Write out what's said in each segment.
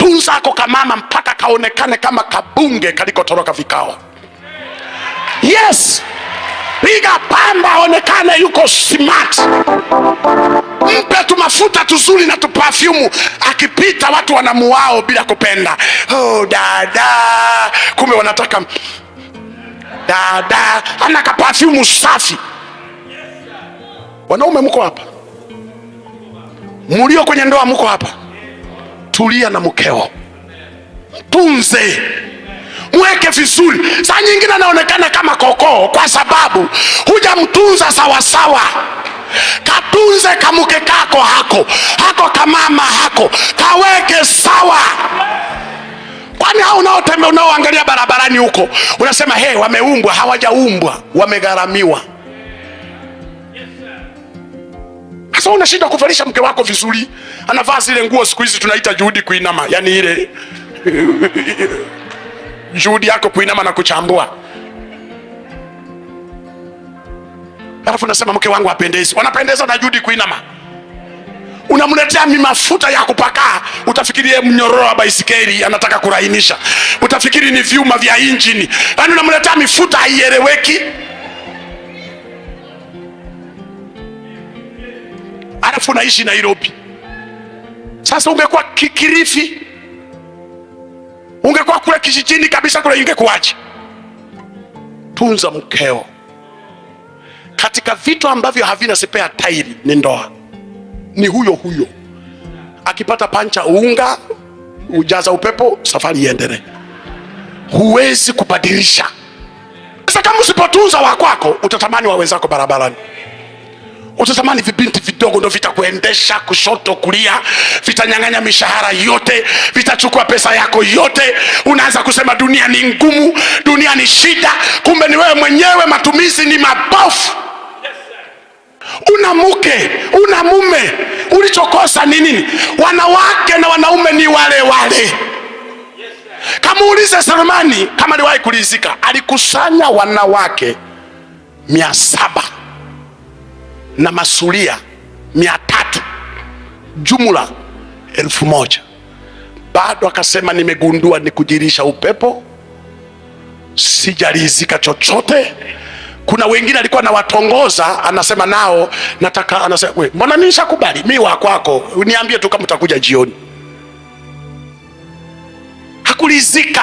tunza ako kamama mpaka kaonekane kama kabunge kalikotoroka vikao. Yes, piga pamba, aonekane yuko smart. Mpe tu mafuta tuzuri na tupafyumu, akipita watu wanamuwao bila kupenda. Oh, dada, kumbe wanataka dada ana kapafyumu safi. Wanaume mko hapa, mulio kwenye ndoa mko hapa tulia na mkeo, mtunze mweke vizuri. Saa nyingine anaonekana kama kokoo kwa sababu hujamtunza sawasawa. Katunze kamuke kako hako hako kamama hako kaweke sawa, kwani hao unaotembea unaoangalia barabarani huko unasema he, wameumbwa? Hawajaumbwa, wamegharamiwa. Sasa unashindwa kuvalisha mke wako vizuri anavaa zile nguo siku hizi tunaita juhudi kuinama, yani ile juhudi yako kuinama na kuchambua, alafu nasema mke wangu apendezi. Wanapendeza na juhudi kuinama, unamletea mi mafuta ya kupakaa, utafikirie mnyororo wa baisikeli anataka kurainisha, utafikiri ni vyuma vya injini, yani unamletea mifuta haieleweki. Alafu naishi Nairobi sasa ungekuwa kikirifi, ungekuwa kule kijijini kabisa kule, ingekuwaje? Tunza mkeo katika vitu ambavyo havina spea tairi, ni ndoa, ni huyo huyo. Akipata pancha unga, ujaza upepo, safari iendelee. Huwezi kubadilisha. Sasa kama usipotunza wakwako, utatamani wawenzako barabarani. Utatamani vibinti vidogo ndo vitakuendesha kushoto kulia, vitanyang'anya mishahara yote, vitachukua pesa yako yote. Unaanza kusema dunia ni ngumu, dunia ni shida, kumbe ni wewe mwenyewe, matumizi ni mabofu. Una mke una mume, ulichokosa ni nini? Wanawake na wanaume ni wale wale. Kamuulize Selemani kama aliwahi kulizika, alikusanya wanawake mia saba na masuria mia tatu jumla elfu moja bado akasema, nimegundua ni kujirisha upepo, sijarizika chochote. Kuna wengine alikuwa nawatongoza, anasema nao nataka, anasema we, mbona nishakubali mi wakwako, niambie tu kama utakuja jioni. Hakurizika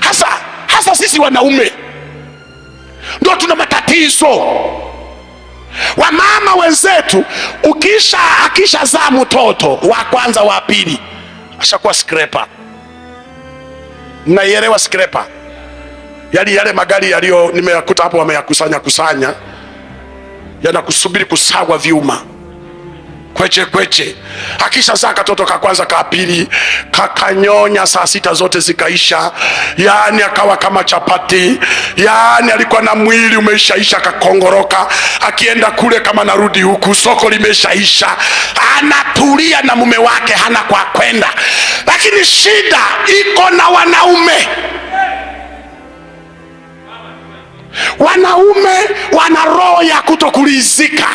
hasa hasa sisi wanaume ndio tuna matatizo. Wamama wenzetu, ukisha akisha zaa mtoto wa kwanza wa pili, ashakuwa skrepa. Mnaielewa skrepa? Yali yale magari yaliyo nimeyakuta hapo, wameyakusanya kusanya, yanakusubiri kusagwa vyuma kweche kweche. zaa katoto ka kwanza ka pili kakanyonya, saa sita zote zikaisha, yaani akawa kama chapati, yaani alikuwa na mwili umeishaisha, kakongoroka, akienda kule kama narudi huku, soko limeshaisha, anatulia na mume wake, hana kwa kwenda. Lakini shida iko na wanaume wanaume wana roho ya kutokuridhika.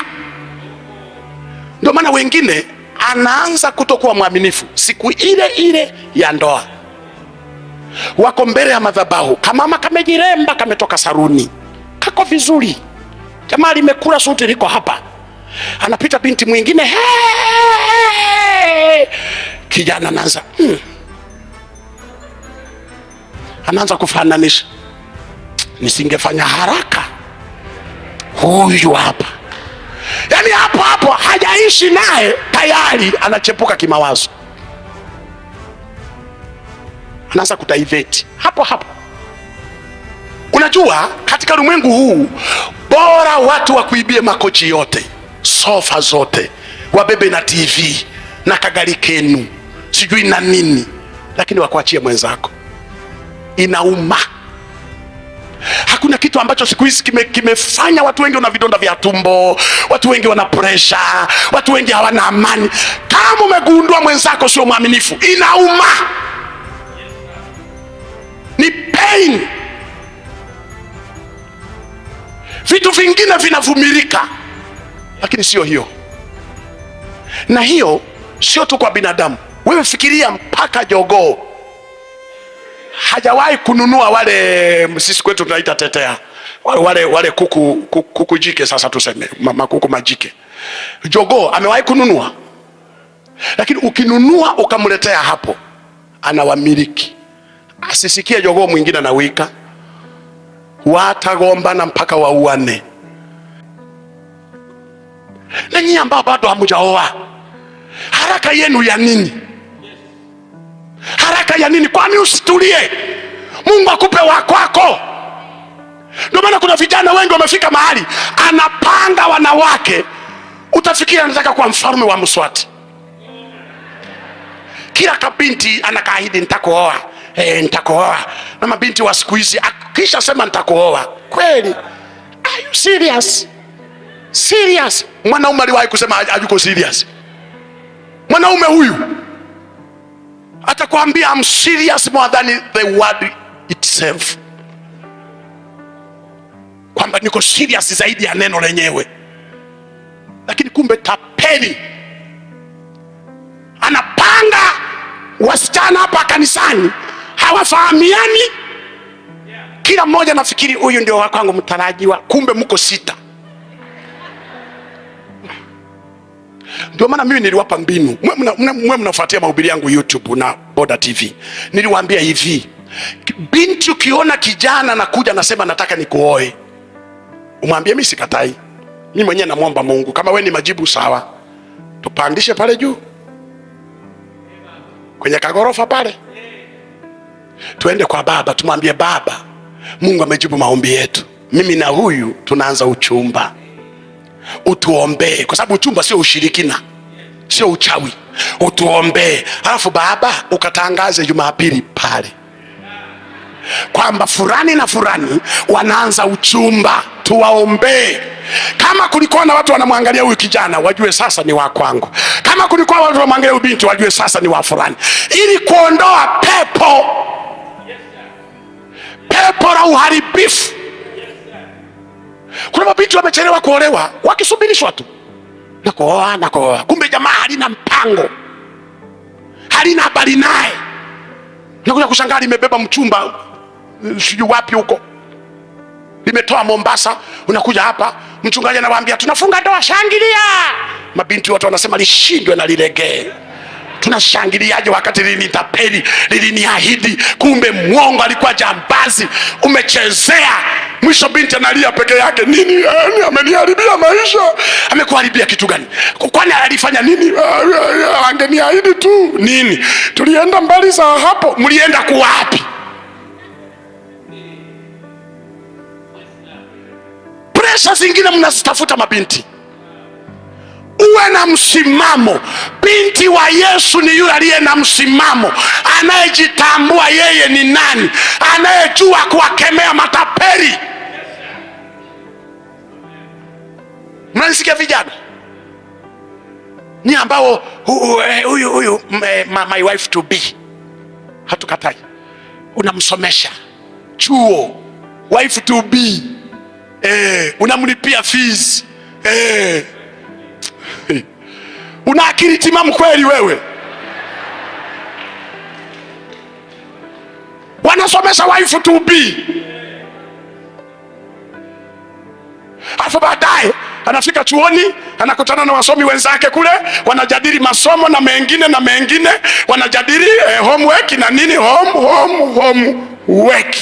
Ndio maana wengine anaanza kutokuwa mwaminifu siku ile ile ya ndoa, wako mbele ya madhabahu, kamama kamejiremba, kametoka saruni, kako vizuri, jamaa limekula suti liko hapa, anapita binti mwingine kijana anaanza hmm. anaanza kufananisha, nisingefanya haraka, huyu hapa yaani hapo hapo hajaishi naye tayari anachepuka kimawazo, anaanza kutaiveti hapo hapo. Unajua, katika ulimwengu huu bora watu wakuibie makochi yote, sofa zote, wabebe na TV na kagari kenu, sijui na nini, lakini wakuachie mwenzako, inauma. Hakuna kitu ambacho siku hizi kime, kimefanya watu wengi wana vidonda vya tumbo, watu wengi wana presha, watu wengi hawana amani. Kama umegundua mwenzako sio mwaminifu, inauma, ni pain. Vitu vingine vinavumilika, lakini sio hiyo. Na hiyo sio tu kwa binadamu. Wewe fikiria mpaka jogoo hajawahi kununua wale, sisi kwetu tunaita tetea wale, wale wale kuku, kuku, kuku jike sasa tuseme makuku majike, jogoo amewahi kununua? Lakini ukinunua ukamletea hapo, anawamiliki asisikie jogoo mwingine anawika, watagombana mpaka wauane. Nanyi ambao bado hamujaoa haraka yenu ya nini? Haraka ya nini? Kwani usitulie? Mungu akupe wa kwako. Ndio maana kuna vijana wengi wamefika mahali anapanga wanawake, utafikiri anataka kuwa mfalme wa Mswati. Kila kabinti anakaahidi nitakuoa, hey, eh, nitakuoa. Na mabinti wa siku hizi akisha sema nitakuoa, kweli? Are you serious? Serious? Mwanaume aliwahi kusema hayuko serious? Mwanaume huyu atakwambia I'm serious more than the word itself, kwamba niko serious zaidi ya neno lenyewe. Lakini kumbe tapeli anapanga wasichana hapa kanisani, hawafahamiani, kila mmoja nafikiri huyu ndio wakwangu mtarajiwa, kumbe mko sita. Ndio maana mimi niliwapa mbinu. Mwe mnafuatia mahubiri yangu YouTube na Boda TV, niliwaambia hivi, binti ukiona kijana nakuja nasema nataka nikuoe, umwambie mimi sikatai, mi mwenyewe namwomba Mungu. Kama we ni majibu sawa, tupandishe pale juu kwenye kagorofa pale, tuende kwa baba, tumwambie baba, Mungu amejibu maombi yetu, mimi na huyu tunaanza uchumba utuombee, kwa sababu uchumba sio ushirikina, sio uchawi. Utuombee alafu Baba ukatangaze Jumapili pale kwamba fulani na fulani wanaanza uchumba, tuwaombee. Kama kulikuwa na watu wanamwangalia huyu kijana, wajue sasa ni wa kwangu. Kama kulikuwa watu wanamwangalia huyu binti, wajue sasa ni wa fulani, ili kuondoa pepo, pepo la uharibifu kuna mabinti wamechelewa kuolewa wakisubirishwa tu na kuoa na kuoa, kumbe jamaa halina mpango, halina habari naye. Nakuja kushangaa limebeba mchumba eh, sijui wapi huko, limetoa Mombasa, unakuja hapa, mchungaji anawaambia tunafunga ndoa, shangilia. Mabinti wote wanasema lishindwe na lilegee. Tunashangiliaje wakati lilinitapeli, liliniahidi? Kumbe mwongo, alikuwa jambazi, umechezea Mwisho binti analia peke yake, nini? Yani, eh, ameniharibia maisha. Amekuharibia kitu gani? Kwani alifanya nini? Eh, eh, angeniahidi tu nini? Tulienda mbali za hapo. Mlienda kuwapi? Presha zingine mnazitafuta mabinti Uwe na msimamo. Binti wa Yesu ni yule aliye na msimamo, anayejitambua yeye ni nani, anayejua kuwakemea matapeli. sisi vijana ni ambao e, huyu huyu e, my wife to be hatukatai, unamsomesha chuo, wife to be eh, unamlipia fees eh. Una akili timamu kweli wewe? Wanasomesha wife to be, alafu baadaye anafika chuoni, anakutana na wasomi wenzake kule, wanajadili masomo na mengine na mengine, wanajadili eh, homework na nini, home home homework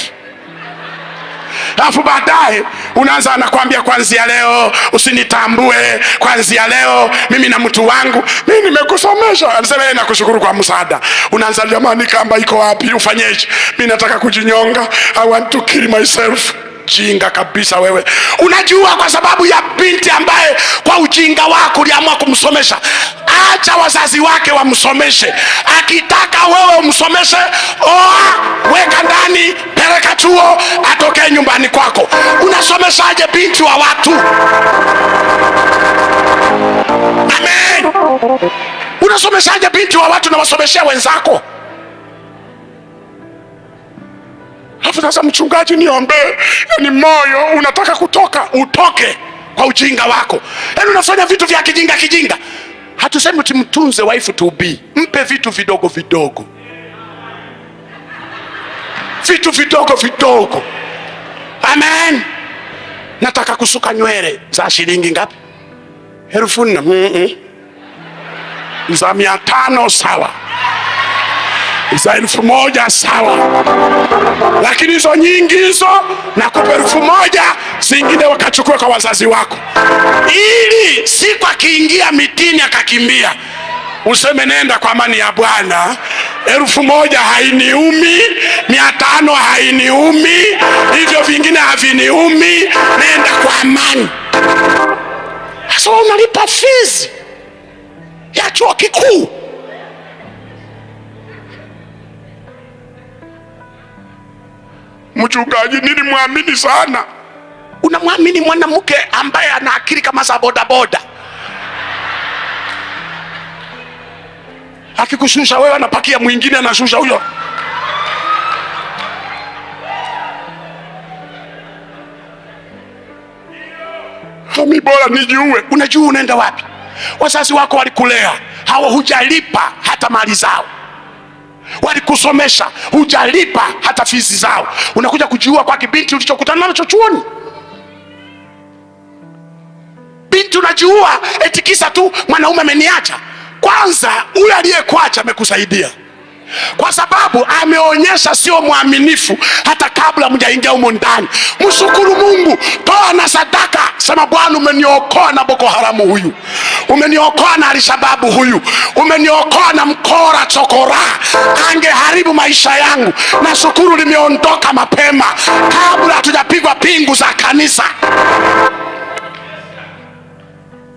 Alafu baadaye unaanza anakwambia, kwanzia leo usinitambue, kwanzia leo mimi na mtu wangu, mimi nimekusomesha. Anasema yeye eh, nakushukuru kwa msaada. Unaanza jamani, kamba iko wapi? Ufanyeje? Mimi nataka kujinyonga, I want to kill myself mjinga kabisa wewe. unajua kwa sababu ya binti ambaye kwa ujinga wako uliamua kumsomesha. Acha wazazi wake wamsomeshe, akitaka wewe umsomeshe, oa, weka ndani, peleka chuo, atokee nyumbani kwako. Unasomeshaje binti wa watu? Amen. Unasomeshaje binti wa watu na wasomeshea wenzako? Alafu sasa mchungaji, niombee, yaani moyo unataka kutoka, utoke kwa ujinga wako, yaani unafanya vitu vya kijinga kijinga. Hatusemi timtunze waifu be, mpe vitu vidogo vidogo, vitu vidogo vidogo. Amen. Nataka kusuka nywele za shilingi ngapi? elfu nne mm -mm. za mia tano sawa za elfu moja sawa, lakini hizo nyingi hizo nakupa elfu moja zingine wakachukua kwa wazazi wako, ili siku akiingia mitini akakimbia useme nenda kwa amani ya Bwana. Elfu moja hainiumi, mia tano hainiumi, hivyo vingine haviniumi, nenda kwa amani. Sasa unalipa fizi ya chuo kikuu Mchungaji nilimwamini sana. Unamwamini mwanamke ambaye ana akili kama za bodaboda, akikushusha wewe anapakia mwingine, anashusha huyo. Mimi bora nijiue. Unajua unaenda wapi? Wazazi wako walikulea, hawa hujalipa hata mali zao walikusomesha, hujalipa hata fizi zao, unakuja kujiua kwa kibinti ulichokutana nacho chuoni. Binti unajiua eti kisa tu mwanaume ameniacha. Kwanza huyo aliyekuacha amekusaidia kwa sababu ameonyesha sio mwaminifu hata kabla mjaingia humo ndani. Mshukuru Mungu, toa na sadaka, sema Bwana, umeniokoa na Boko Haramu huyu, umeniokoa na Alishababu huyu, umeniokoa na mkora chokora, angeharibu maisha yangu. Nashukuru limeondoka mapema, kabla hatujapigwa pingu za kanisa.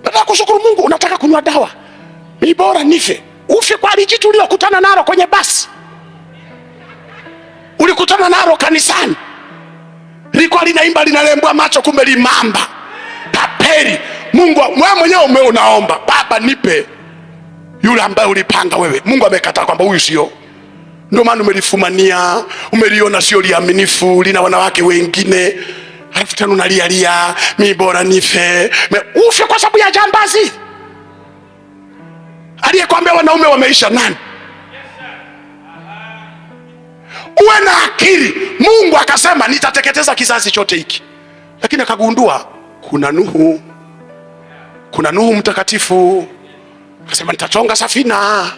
Nataka kushukuru Mungu. Unataka kunywa dawa, ni bora nife ufe kwa lijitu uliokutana nalo kwenye basi, ulikutana nalo kanisani, likuwa linaimba linalembwa macho, kumbe limamba tapeli. Mungu wewe mwenyewe ume unaomba Baba, nipe yule ambaye ulipanga wewe. Mungu amekataa kwamba huyu sio ndio maana umelifumania, umeliona sio liaminifu, lina wanawake wengine, halafu tena unalialia, mi bora nife, ufe kwa sababu ya jambazi. Aliyekwambia wanaume wameisha nani? Uwe na akili. Mungu akasema nitateketeza kizazi chote hiki, lakini akagundua kuna Nuhu, kuna Nuhu mtakatifu. Akasema nitachonga safina.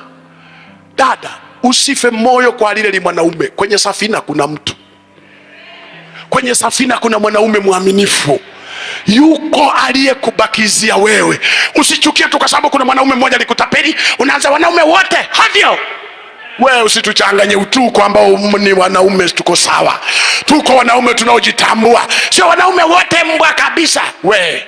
Dada, usife moyo kwa lile li mwanaume. Kwenye safina kuna mtu, kwenye safina kuna mwanaume mwaminifu yuko aliyekubakizia wewe. Usichukie tu kwa sababu kuna mwanaume mmoja alikutapeli, unaanza wanaume wote havyo. We usituchanganye utuko ambao um, ni wanaume tuko sawa, tuko wanaume tunaojitambua, sio wanaume wote mbwa kabisa we